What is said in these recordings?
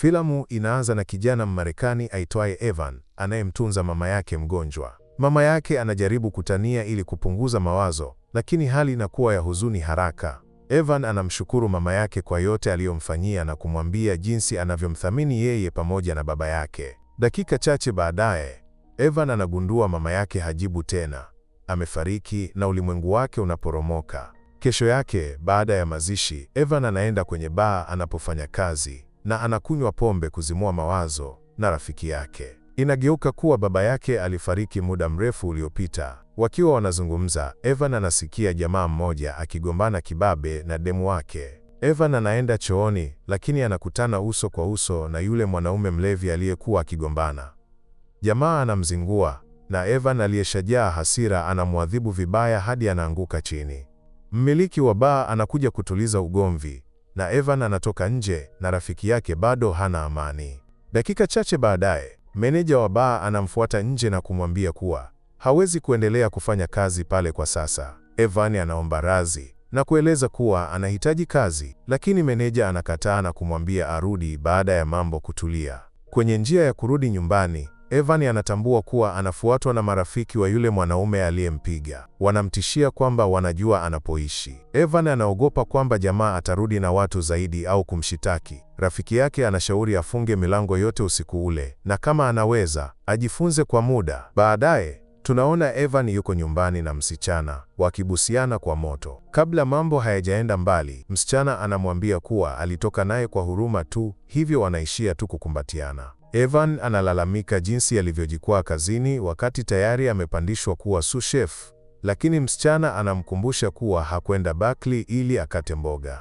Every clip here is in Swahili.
Filamu inaanza na kijana Mmarekani aitwaye Evan anayemtunza mama yake mgonjwa. Mama yake anajaribu kutania ili kupunguza mawazo, lakini hali inakuwa ya huzuni haraka. Evan anamshukuru mama yake kwa yote aliyomfanyia na kumwambia jinsi anavyomthamini yeye pamoja na baba yake. Dakika chache baadaye, Evan anagundua mama yake hajibu tena. Amefariki na ulimwengu wake unaporomoka. Kesho yake baada ya mazishi, Evan anaenda kwenye baa anapofanya kazi na anakunywa pombe kuzimua mawazo na rafiki yake. Inageuka kuwa baba yake alifariki muda mrefu uliopita. Wakiwa wanazungumza, Evan anasikia jamaa mmoja akigombana kibabe na demu wake. Evan anaenda chooni, lakini anakutana uso kwa uso na yule mwanaume mlevi aliyekuwa akigombana. Jamaa anamzingua na Evan aliyeshajaa hasira anamwadhibu vibaya hadi anaanguka chini. Mmiliki wa baa anakuja kutuliza ugomvi na Evan anatoka nje na rafiki yake bado hana amani. Dakika chache baadaye, meneja wa baa anamfuata nje na kumwambia kuwa hawezi kuendelea kufanya kazi pale kwa sasa. Evan anaomba radhi na kueleza kuwa anahitaji kazi, lakini meneja anakataa na kumwambia arudi baada ya mambo kutulia. Kwenye njia ya kurudi nyumbani, Evan anatambua kuwa anafuatwa na marafiki wa yule mwanaume aliyempiga. Wanamtishia kwamba wanajua anapoishi. Evan anaogopa kwamba jamaa atarudi na watu zaidi au kumshitaki. Rafiki yake anashauri afunge milango yote usiku ule, na kama anaweza, ajifunze kwa muda. Baadaye, tunaona Evan yuko nyumbani na msichana wakibusiana kwa moto. Kabla mambo hayajaenda mbali, msichana anamwambia kuwa alitoka naye kwa huruma tu, hivyo wanaishia tu kukumbatiana. Evan analalamika jinsi alivyojikwaa kazini wakati tayari amepandishwa kuwa sous chef, lakini msichana anamkumbusha kuwa hakwenda Berkeley ili akate mboga.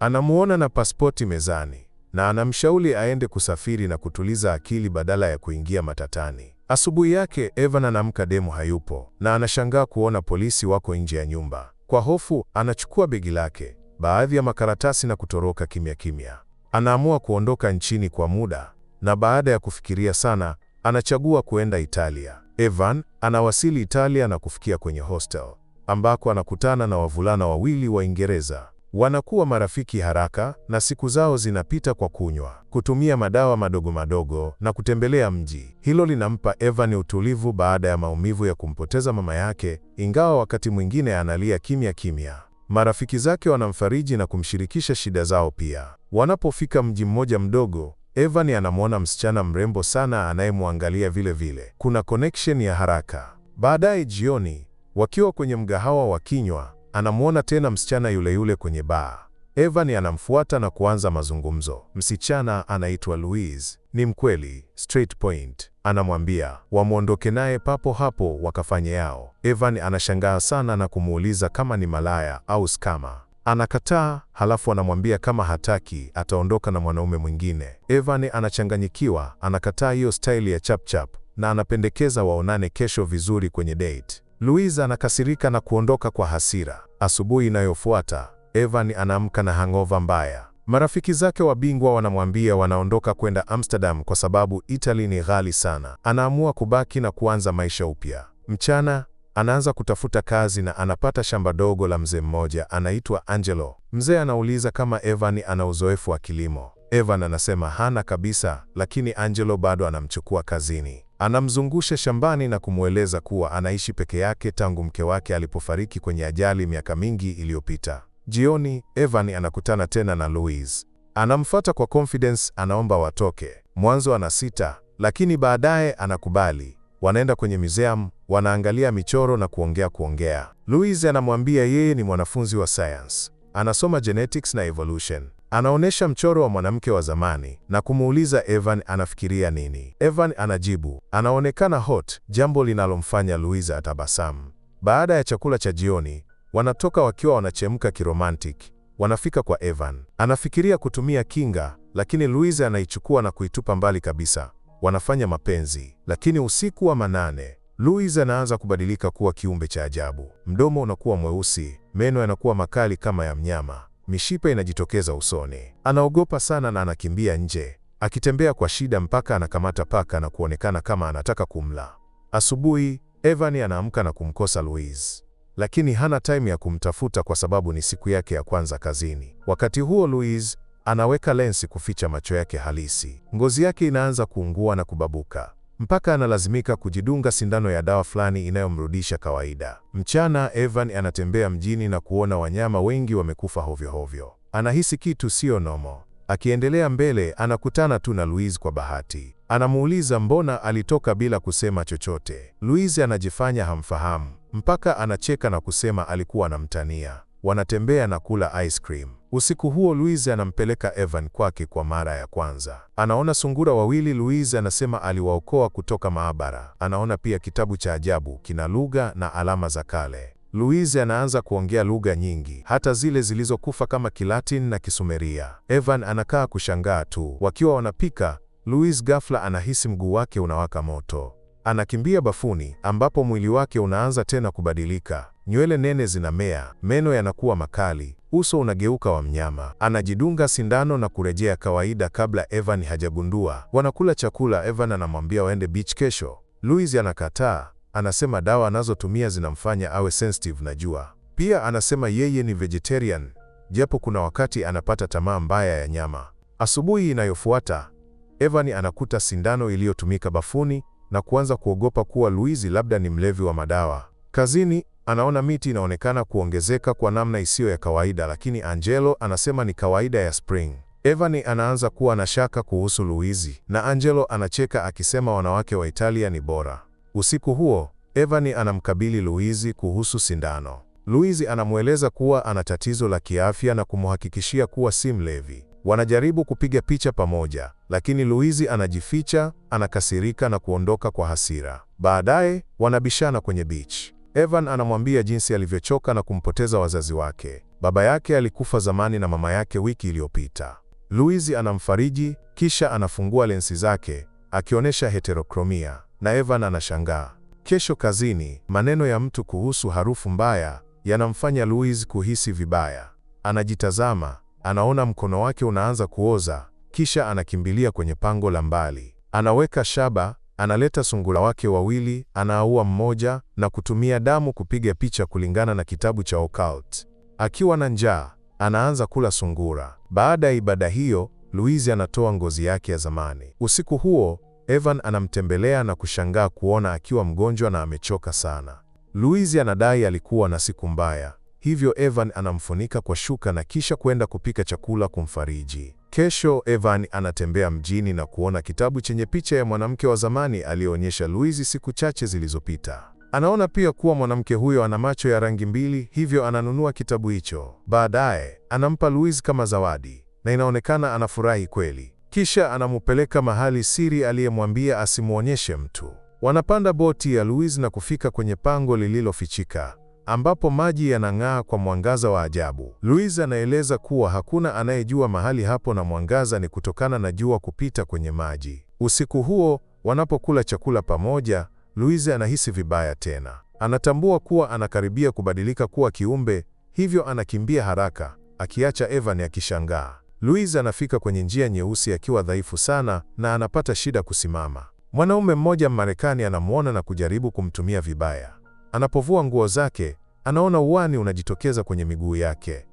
Anamuona na pasipoti mezani na anamshauri aende kusafiri na kutuliza akili badala ya kuingia matatani. Asubuhi yake Evan anamka demu hayupo na anashangaa kuona polisi wako nje ya nyumba. Kwa hofu anachukua begi lake, baadhi ya makaratasi na kutoroka kimya kimya. Anaamua kuondoka nchini kwa muda na baada ya kufikiria sana anachagua kuenda Italia. Evan anawasili Italia na kufikia kwenye hostel ambako anakutana na wavulana wawili Waingereza. Wanakuwa marafiki haraka na siku zao zinapita kwa kunywa, kutumia madawa madogo madogo na kutembelea mji. Hilo linampa Evan utulivu baada ya maumivu ya kumpoteza mama yake, ingawa wakati mwingine analia kimya kimya. Marafiki zake wanamfariji na kumshirikisha shida zao pia. Wanapofika mji mmoja mdogo Evan anamwona msichana mrembo sana anayemwangalia vile vile. Kuna connection ya haraka. Baadaye jioni, wakiwa kwenye mgahawa wa kinywa, anamwona tena msichana yule yule kwenye baa. Evan anamfuata na kuanza mazungumzo. Msichana anaitwa Louise, ni mkweli, straight point. Anamwambia wamwondoke naye papo hapo wakafanye yao. Evan anashangaa sana na kumuuliza kama ni malaya au skama. Anakataa, halafu anamwambia kama hataki ataondoka na mwanaume mwingine. Evan anachanganyikiwa, anakataa hiyo staili ya chapchap na anapendekeza waonane kesho vizuri kwenye date. Louise anakasirika na kuondoka kwa hasira. Asubuhi inayofuata, Evan anaamka na hangova mbaya. Marafiki zake wabingwa wanamwambia wanaondoka kwenda Amsterdam kwa sababu Italy ni ghali sana. Anaamua kubaki na kuanza maisha upya. Mchana Anaanza kutafuta kazi na anapata shamba dogo la mzee mmoja anaitwa Angelo. Mzee anauliza kama Evan ana uzoefu wa kilimo. Evan anasema hana kabisa, lakini Angelo bado anamchukua kazini. Anamzungusha shambani na kumweleza kuwa anaishi peke yake tangu mke wake alipofariki kwenye ajali miaka mingi iliyopita. Jioni, Evan anakutana tena na Louise. Anamfuata kwa confidence, anaomba watoke. Mwanzo anasita, lakini baadaye anakubali. Wanaenda kwenye museum, wanaangalia michoro na kuongea kuongea. Louise anamwambia yeye ni mwanafunzi wa science, anasoma genetics na evolution. Anaonesha mchoro wa mwanamke wa zamani na kumuuliza Evan anafikiria nini. Evan anajibu, anaonekana hot, jambo linalomfanya Louise atabasamu. Baada ya chakula cha jioni, wanatoka wakiwa wanachemka kiromantic. Wanafika kwa Evan. Anafikiria kutumia kinga, lakini Louise anaichukua na kuitupa mbali kabisa wanafanya mapenzi, lakini usiku wa manane luis anaanza kubadilika kuwa kiumbe cha ajabu. Mdomo unakuwa mweusi, meno yanakuwa makali kama ya mnyama, mishipa inajitokeza usoni. Anaogopa sana na anakimbia nje, akitembea kwa shida mpaka anakamata paka na kuonekana kama anataka kumla. Asubuhi, Evan anaamka na kumkosa luis lakini hana time ya kumtafuta kwa sababu ni siku yake ya kwanza kazini. Wakati huo Luis Anaweka lensi kuficha macho yake halisi. Ngozi yake inaanza kuungua na kubabuka mpaka analazimika kujidunga sindano ya dawa fulani inayomrudisha kawaida. Mchana, Evan anatembea mjini na kuona wanyama wengi wamekufa hovyo hovyo. Anahisi kitu sio nomo. Akiendelea mbele, anakutana tu na Louise kwa bahati. Anamuuliza mbona alitoka bila kusema chochote. Louise anajifanya hamfahamu mpaka anacheka na kusema alikuwa anamtania. Wanatembea na kula ice cream. Usiku huo Louise anampeleka Evan kwake kwa mara ya kwanza. Anaona sungura wawili. Louise anasema aliwaokoa kutoka maabara. Anaona pia kitabu cha ajabu, kina lugha na alama za kale. Louise anaanza kuongea lugha nyingi, hata zile zilizokufa kama Kilatini na Kisumeria. Evan anakaa kushangaa tu. Wakiwa wanapika, Louise ghafla anahisi mguu wake unawaka moto. Anakimbia bafuni ambapo mwili wake unaanza tena kubadilika. Nywele nene zinamea, meno yanakuwa makali, uso unageuka wa mnyama. Anajidunga sindano na kurejea kawaida kabla Evan hajagundua. Wanakula chakula, Evan anamwambia waende beach kesho. Louise anakataa, anasema dawa anazotumia zinamfanya awe sensitive na jua. Pia anasema yeye ni vegetarian, japo kuna wakati anapata tamaa mbaya ya nyama. Asubuhi inayofuata, Evan anakuta sindano iliyotumika bafuni na kuanza kuogopa kuwa Luizi labda ni mlevi wa madawa. Kazini anaona miti inaonekana kuongezeka kwa namna isiyo ya kawaida, lakini Angelo anasema ni kawaida ya spring. evani anaanza kuwa na shaka kuhusu Luizi na Angelo anacheka akisema wanawake wa Italia ni bora. Usiku huo evani anamkabili Luizi kuhusu sindano. Luizi anamweleza kuwa ana tatizo la kiafya na kumhakikishia kuwa si mlevi. Wanajaribu kupiga picha pamoja, lakini Luizi anajificha, anakasirika na kuondoka kwa hasira. Baadaye wanabishana kwenye beach. Evan anamwambia jinsi alivyochoka na kumpoteza wazazi wake. Baba yake alikufa zamani na mama yake wiki iliyopita. Luizi anamfariji kisha anafungua lensi zake akionyesha heterokromia na Evan anashangaa. Kesho kazini, maneno ya mtu kuhusu harufu mbaya yanamfanya Luizi kuhisi vibaya. Anajitazama Anaona mkono wake unaanza kuoza, kisha anakimbilia kwenye pango la mbali. Anaweka shaba, analeta sungura wake wawili, anaua mmoja na kutumia damu kupiga picha kulingana na kitabu cha occult. Akiwa na njaa, anaanza kula sungura. Baada ya ibada hiyo, Louise anatoa ngozi yake ya zamani. Usiku huo, Evan anamtembelea na kushangaa kuona akiwa mgonjwa na amechoka sana. Louise anadai alikuwa na siku mbaya. Hivyo Evan anamfunika kwa shuka na kisha kwenda kupika chakula kumfariji. Kesho Evan anatembea mjini na kuona kitabu chenye picha ya mwanamke wa zamani aliyeonyesha Louise siku chache zilizopita. Anaona pia kuwa mwanamke huyo ana macho ya rangi mbili, hivyo ananunua kitabu hicho. Baadaye anampa Louise kama zawadi na inaonekana anafurahi kweli. Kisha anamupeleka mahali siri aliyemwambia asimwonyeshe mtu. Wanapanda boti ya Louise na kufika kwenye pango lililofichika ambapo maji yanang'aa kwa mwangaza wa ajabu. Luis anaeleza kuwa hakuna anayejua mahali hapo na mwangaza ni kutokana na jua kupita kwenye maji. Usiku huo wanapokula chakula pamoja, Luis anahisi vibaya tena. Anatambua kuwa anakaribia kubadilika kuwa kiumbe, hivyo anakimbia haraka, akiacha Evan akishangaa. Luis anafika kwenye njia nyeusi akiwa dhaifu sana na anapata shida kusimama. Mwanaume mmoja Mmarekani anamwona na kujaribu kumtumia vibaya. Anapovua nguo zake, anaona uwani unajitokeza kwenye miguu yake.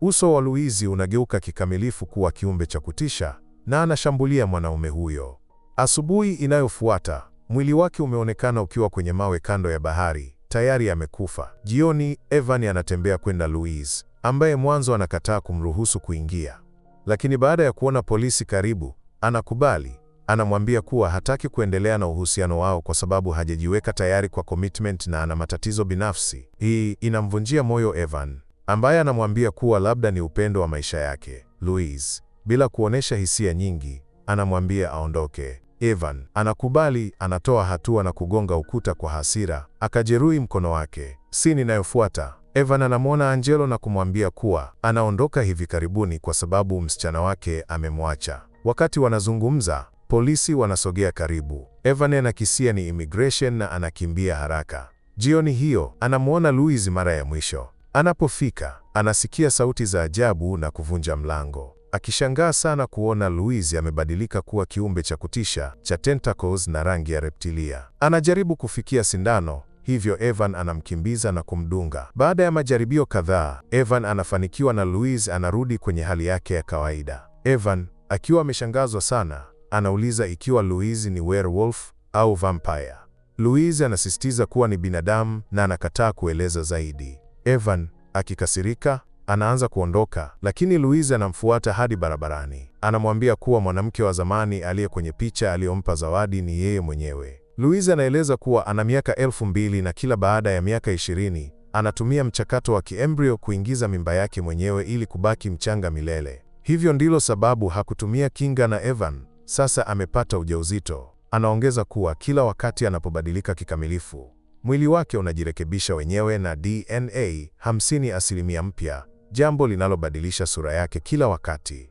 Uso wa Luizi unageuka kikamilifu kuwa kiumbe cha kutisha na anashambulia mwanaume huyo. Asubuhi inayofuata, mwili wake umeonekana ukiwa kwenye mawe kando ya bahari, tayari amekufa. Jioni, Evan anatembea kwenda Luiz, ambaye mwanzo anakataa kumruhusu kuingia. Lakini baada ya kuona polisi karibu, anakubali Anamwambia kuwa hataki kuendelea na uhusiano wao kwa sababu hajajiweka tayari kwa commitment na ana matatizo binafsi. Hii inamvunjia moyo Evan, ambaye anamwambia kuwa labda ni upendo wa maisha yake. Louise, bila kuonesha hisia nyingi, anamwambia aondoke. Evan anakubali, anatoa hatua na kugonga ukuta kwa hasira, akajeruhi mkono wake. Sini inayofuata, Evan anamwona Angelo na kumwambia kuwa anaondoka hivi karibuni kwa sababu msichana wake amemwacha. Wakati wanazungumza, Polisi wanasogea karibu. Evan anakisia ni immigration na anakimbia haraka. Jioni hiyo anamwona Louis mara ya mwisho. Anapofika anasikia sauti za ajabu na kuvunja mlango, akishangaa sana kuona Louis amebadilika kuwa kiumbe cha kutisha cha tentacles na rangi ya reptilia. Anajaribu kufikia sindano, hivyo Evan anamkimbiza na kumdunga. Baada ya majaribio kadhaa, Evan anafanikiwa na Louis anarudi kwenye hali yake ya kawaida. Evan akiwa ameshangazwa sana Anauliza ikiwa Louise ni werewolf au vampire. Louise anasisitiza kuwa ni binadamu na anakataa kueleza zaidi. Evan akikasirika anaanza kuondoka, lakini Louise anamfuata hadi barabarani. Anamwambia kuwa mwanamke wa zamani aliye kwenye picha aliyompa zawadi ni yeye mwenyewe. Louise anaeleza kuwa ana miaka elfu mbili na kila baada ya miaka ishirini anatumia mchakato wa kiembrio kuingiza mimba yake mwenyewe ili kubaki mchanga milele. Hivyo ndilo sababu hakutumia kinga na Evan sasa amepata ujauzito. Anaongeza kuwa kila wakati anapobadilika kikamilifu, mwili wake unajirekebisha wenyewe na DNA 50% mpya, jambo linalobadilisha sura yake kila wakati.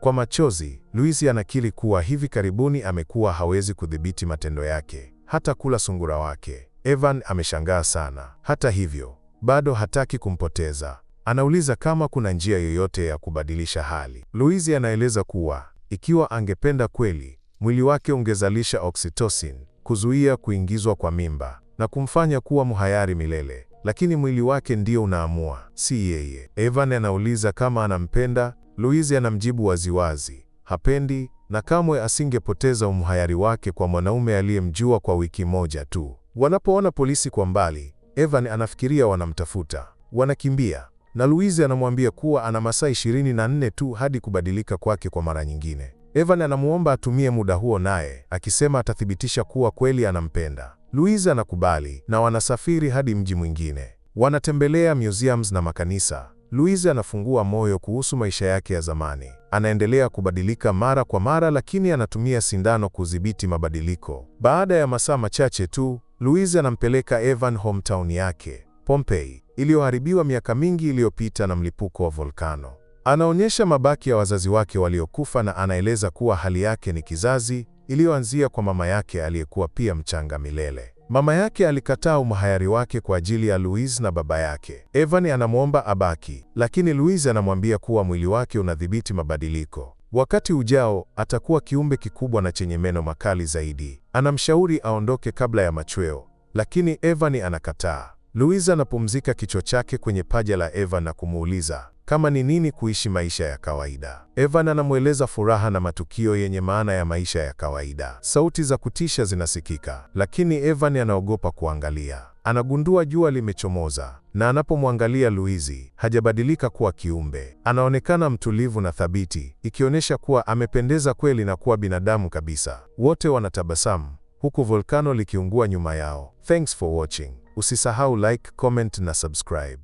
Kwa machozi, Luisi anakiri kuwa hivi karibuni amekuwa hawezi kudhibiti matendo yake, hata kula sungura wake. Evan ameshangaa sana. Hata hivyo, bado hataki kumpoteza. Anauliza kama kuna njia yoyote ya kubadilisha hali. Luisi anaeleza kuwa ikiwa angependa kweli, mwili wake ungezalisha oksitosin kuzuia kuingizwa kwa mimba na kumfanya kuwa mhayari milele, lakini mwili wake ndio unaamua, si yeye. Evan anauliza kama anampenda, Louise anamjibu waziwazi, hapendi na kamwe asingepoteza umhayari wake kwa mwanaume aliyemjua kwa wiki moja tu. Wanapoona polisi kwa mbali, Evan anafikiria wanamtafuta. Wanakimbia na Louise anamwambia kuwa ana masaa 24 tu hadi kubadilika kwake kwa mara nyingine. Evan anamuomba atumie muda huo naye, akisema atathibitisha kuwa kweli anampenda. Louise anakubali na wanasafiri hadi mji mwingine. Wanatembelea museums na makanisa. Louise anafungua moyo kuhusu maisha yake ya zamani. Anaendelea kubadilika mara kwa mara, lakini anatumia sindano kudhibiti mabadiliko. Baada ya masaa machache tu, Louise anampeleka Evan hometown yake. Pompeii iliyoharibiwa miaka mingi iliyopita na mlipuko wa volkano. Anaonyesha mabaki ya wazazi wake waliokufa na anaeleza kuwa hali yake ni kizazi iliyoanzia kwa mama yake aliyekuwa pia mchanga milele. Mama yake alikataa umahayari wake kwa ajili ya Louise na baba yake. Evan anamwomba abaki, lakini Louise anamwambia kuwa mwili wake unadhibiti mabadiliko. Wakati ujao atakuwa kiumbe kikubwa na chenye meno makali zaidi. Anamshauri aondoke kabla ya machweo, lakini Evan anakataa. Luiza anapumzika kichwa chake kwenye paja la Evan na kumuuliza kama ni nini kuishi maisha ya kawaida. Evan anamweleza furaha na matukio yenye maana ya maisha ya kawaida. Sauti za kutisha zinasikika, lakini Evan anaogopa kuangalia. Anagundua jua limechomoza, na anapomwangalia Luizi hajabadilika kuwa kiumbe. Anaonekana mtulivu na thabiti, ikionyesha kuwa amependeza kweli na kuwa binadamu kabisa. Wote wanatabasamu huku volkano likiungua nyuma yao. Thanks for watching. Usisahau like, comment na subscribe.